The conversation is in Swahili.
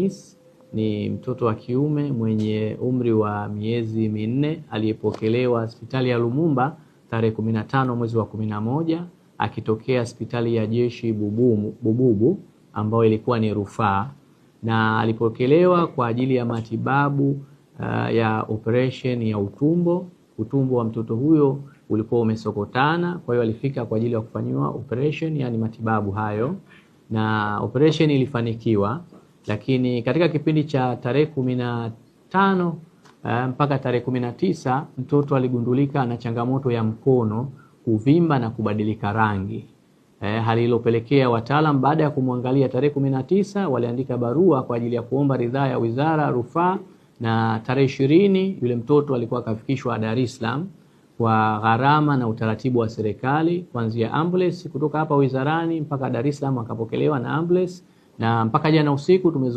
Khamis ni mtoto wa kiume mwenye umri wa miezi minne aliyepokelewa hospitali ya Lumumba tarehe 15 mwezi wa 11 akitokea hospitali ya jeshi Bububu, Bububu ambayo ilikuwa ni rufaa na alipokelewa kwa ajili ya matibabu uh, ya operation ya utumbo. Utumbo wa mtoto huyo ulikuwa umesokotana, kwa hiyo alifika kwa ajili ya kufanyiwa operation, yani matibabu hayo, na operation ilifanikiwa. Lakini katika kipindi cha tarehe kumi na tano eh, mpaka tarehe kumi na tisa mtoto aligundulika na changamoto ya mkono kuvimba na kubadilika rangi eh, hali iliyopelekea wataalam baada ya kumwangalia tarehe kumi na tisa waliandika barua kwa ajili ya kuomba ridhaa ya wizara rufaa, na tarehe ishirini yule mtoto alikuwa akafikishwa Dar es Salaam kwa gharama na utaratibu wa serikali kuanzia ambulance kutoka hapa wizarani mpaka Dar es Salaam akapokelewa na ambulance na mpaka jana usiku tume